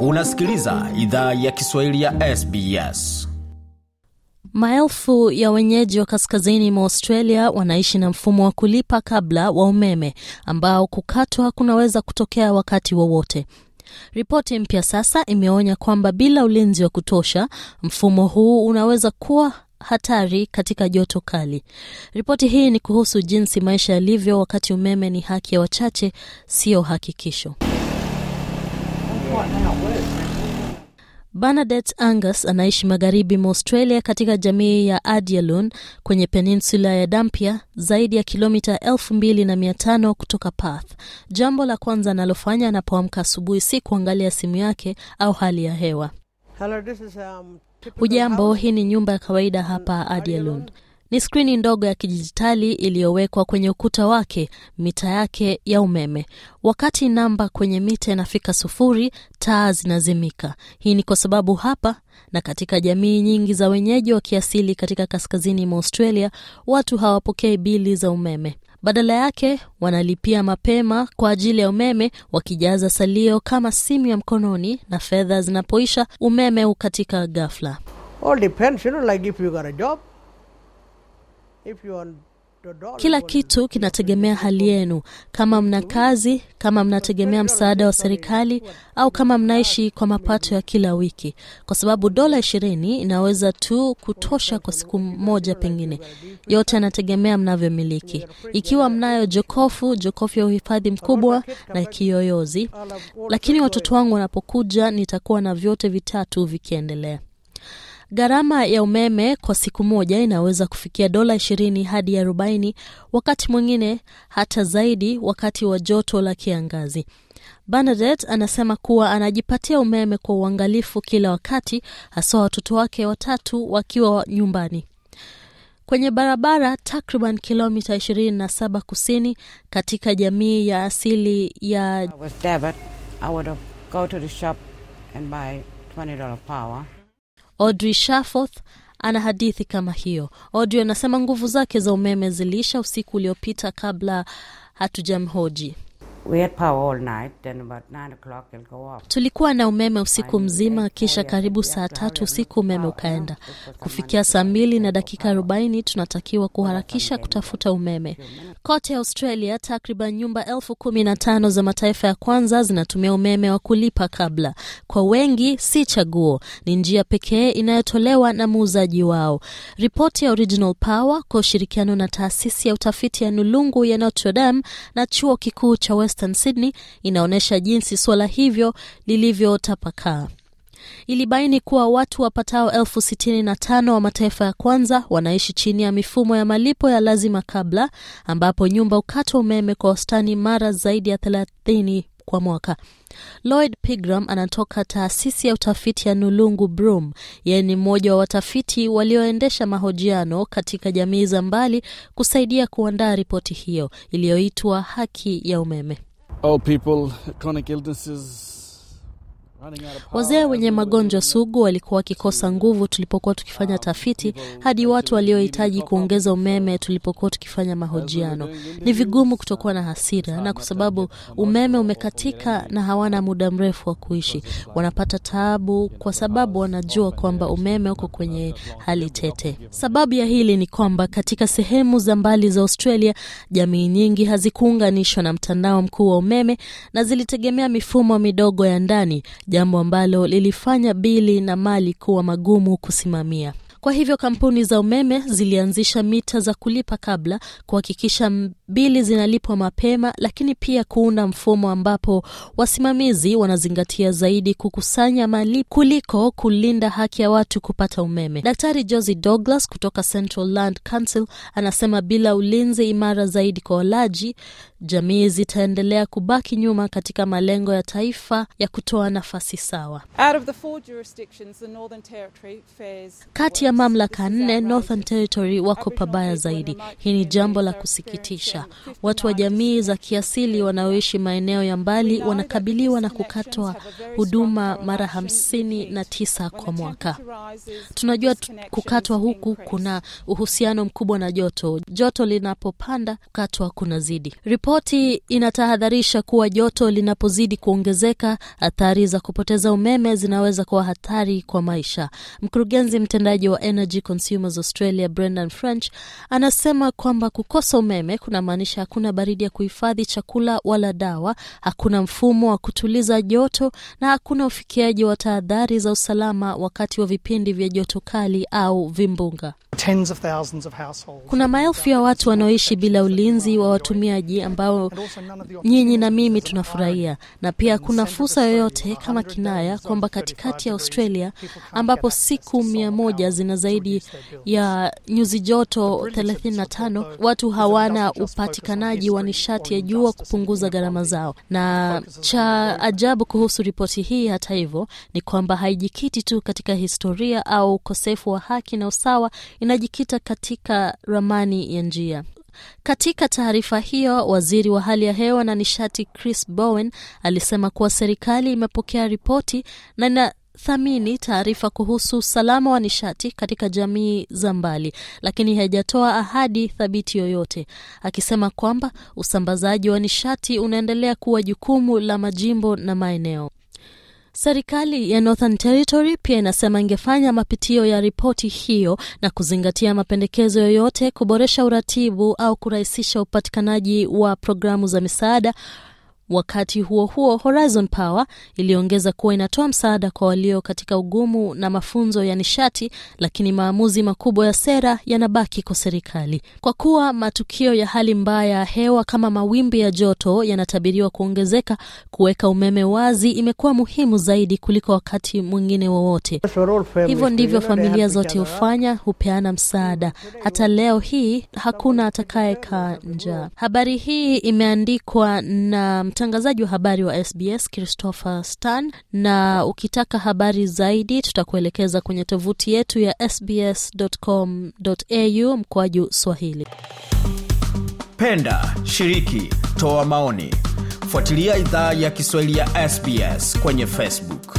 Unasikiliza idhaa ya Kiswahili ya SBS. Maelfu ya wenyeji wa kaskazini mwa Australia wanaishi na mfumo wa kulipa kabla wa umeme ambao kukatwa kunaweza kutokea wakati wowote wa Ripoti mpya sasa imeonya kwamba bila ulinzi wa kutosha, mfumo huu unaweza kuwa hatari katika joto kali. Ripoti hii ni kuhusu jinsi maisha yalivyo wakati umeme ni haki ya wachache, siyo hakikisho. Bernadette Angus anaishi magharibi mwa Australia katika jamii ya Adyalon kwenye peninsula ya Dampier, zaidi ya kilomita elfu mbili na mia tano kutoka Perth. Jambo la kwanza analofanya anapoamka asubuhi si kuangalia simu yake au hali ya hewa. Um, Hujambo, hii ni nyumba ya kawaida hapa adyalun ni skrini ndogo ya kidijitali iliyowekwa kwenye ukuta wake mita yake ya umeme. Wakati namba kwenye mita inafika sufuri, taa zinazimika. Hii ni kwa sababu hapa na katika jamii nyingi za wenyeji wa kiasili katika kaskazini mwa Australia, watu hawapokei bili za umeme. Badala yake wanalipia mapema kwa ajili ya umeme, wakijaza salio kama simu ya mkononi, na fedha zinapoisha umeme hukatika ghafla. All depends, you know, like if you got a job kila kitu kinategemea hali yenu, kama mna hmm? kazi, kama mnategemea msaada wa serikali, au kama mnaishi kwa mapato ya kila wiki, kwa sababu dola ishirini inaweza tu kutosha kwa siku moja. Pengine yote yanategemea mnavyomiliki. Ikiwa mnayo jokofu, jokofu ya uhifadhi mkubwa na kiyoyozi, lakini watoto wangu wanapokuja, nitakuwa na vyote vitatu vikiendelea. Gharama ya umeme kwa siku moja inaweza kufikia dola ishirini hadi arobaini, wakati mwingine hata zaidi, wakati wa joto la kiangazi. Bernadette anasema kuwa anajipatia umeme kwa uangalifu kila wakati, haswa watoto wake watatu wakiwa nyumbani. Kwenye barabara takriban kilomita 27 kusini katika jamii ya asili ya Audrey Shafoth ana hadithi kama hiyo. Audrey anasema nguvu zake za umeme ziliisha usiku uliopita kabla hatujamhoji. Tulikuwa na umeme usiku mzima, kisha karibu saa tatu usiku umeme ukaenda. Kufikia saa mbili na dakika arobaini tunatakiwa kuharakisha kutafuta umeme kote Australia. Takriban nyumba elfu kumi na tano za mataifa ya kwanza zinatumia umeme wa kulipa kabla. Kwa wengi si chaguo, ni njia pekee inayotolewa na muuzaji wao. Ripoti ya Original Power kwa ushirikiano na taasisi ya utafiti ya Nulungu ya Notre Dame na chuo kikuu cha West Western Sydney inaonyesha jinsi suala hivyo lilivyotapakaa. Ilibaini kuwa watu wapatao elfu sitini na tano wa mataifa ya kwanza wanaishi chini ya mifumo ya malipo ya lazima kabla, ambapo nyumba ukata umeme kwa wastani mara zaidi ya thelathini kwa mwaka. Lloyd Pigram anatoka taasisi ya utafiti ya Nulungu brum Yeye ni mmoja wa watafiti walioendesha mahojiano katika jamii za mbali kusaidia kuandaa ripoti hiyo iliyoitwa Haki ya Umeme. all oh, people, chronic illnesses, Wazee wenye magonjwa sugu walikuwa wakikosa nguvu tulipokuwa tukifanya tafiti, hadi watu waliohitaji kuongeza umeme tulipokuwa tukifanya mahojiano. Ni vigumu kutokuwa na hasira, na kwa sababu umeme umekatika na hawana muda mrefu wa kuishi, wanapata taabu kwa sababu wanajua kwamba umeme uko kwenye hali tete. Sababu ya hili ni kwamba katika sehemu za mbali za Australia, jamii nyingi hazikuunganishwa na mtandao mkuu wa umeme na zilitegemea mifumo midogo ya ndani jambo ambalo lilifanya bili na mali kuwa magumu kusimamia. Kwa hivyo kampuni za umeme zilianzisha mita za kulipa kabla, kuhakikisha bili zinalipwa mapema, lakini pia kuunda mfumo ambapo wasimamizi wanazingatia zaidi kukusanya mali kuliko kulinda haki ya watu kupata umeme. Daktari Josie Douglas kutoka Central Land Council anasema bila ulinzi imara zaidi kwa walaji jamii zitaendelea kubaki nyuma katika malengo ya taifa ya kutoa nafasi sawa. Kati ya mamlaka nne, Northern Territory wako pabaya zaidi. Hii ni jambo la kusikitisha. Watu wa jamii za kiasili wanaoishi maeneo ya mbali wanakabiliwa na kukatwa huduma mara hamsini na tisa kwa mwaka. Tunajua kukatwa huku kuna uhusiano mkubwa na joto. Joto linapopanda, kukatwa kunazidi. Ripoti inatahadharisha kuwa joto linapozidi kuongezeka, athari za kupoteza umeme zinaweza kuwa hatari kwa maisha. Mkurugenzi mtendaji wa Energy Consumers Australia, Brendan French, anasema kwamba kukosa umeme kunamaanisha hakuna baridi ya kuhifadhi chakula wala dawa, hakuna mfumo wa kutuliza joto na hakuna ufikiaji wa tahadhari za usalama wakati wa vipindi vya joto kali au vimbunga. Kuna maelfu ya watu wanaoishi bila ulinzi wa watumiaji ambao nyinyi na mimi tunafurahia, na pia kuna fursa yoyote kama Kinaya kwamba katikati ya Australia ambapo siku mia moja zina zaidi ya nyuzi joto 35 watu hawana upatikanaji wa nishati ya jua kupunguza gharama zao. Na cha ajabu kuhusu ripoti hii, hata hivyo, ni kwamba haijikiti tu katika historia au ukosefu wa haki na usawa, inajikita katika ramani ya njia. Katika taarifa hiyo, waziri wa hali ya hewa na nishati Chris Bowen alisema kuwa serikali imepokea ripoti na ina thamini taarifa kuhusu usalama wa nishati katika jamii za mbali, lakini haijatoa ahadi thabiti yoyote, akisema kwamba usambazaji wa nishati unaendelea kuwa jukumu la majimbo na maeneo. Serikali ya Northern Territory pia inasema ingefanya mapitio ya ripoti hiyo na kuzingatia mapendekezo yoyote kuboresha uratibu au kurahisisha upatikanaji wa programu za misaada Wakati huo huo, Horizon Power iliongeza kuwa inatoa msaada kwa walio katika ugumu na mafunzo ya nishati, lakini maamuzi makubwa ya sera yanabaki kwa serikali. Kwa kuwa matukio ya hali mbaya ya hewa kama mawimbi ya joto yanatabiriwa kuongezeka, kuweka umeme wazi imekuwa muhimu zaidi kuliko wakati mwingine wowote. Hivyo ndivyo familia zote hufanya, hupeana msaada. Hata leo hii hakuna atakayekaa njaa. Habari hii imeandikwa na mtangazaji wa habari wa SBS Christopher Stan, na ukitaka habari zaidi tutakuelekeza kwenye tovuti yetu ya sbs.com.au mkoaju Swahili. Penda, shiriki, toa maoni, fuatilia idhaa ya Kiswahili ya SBS kwenye Facebook.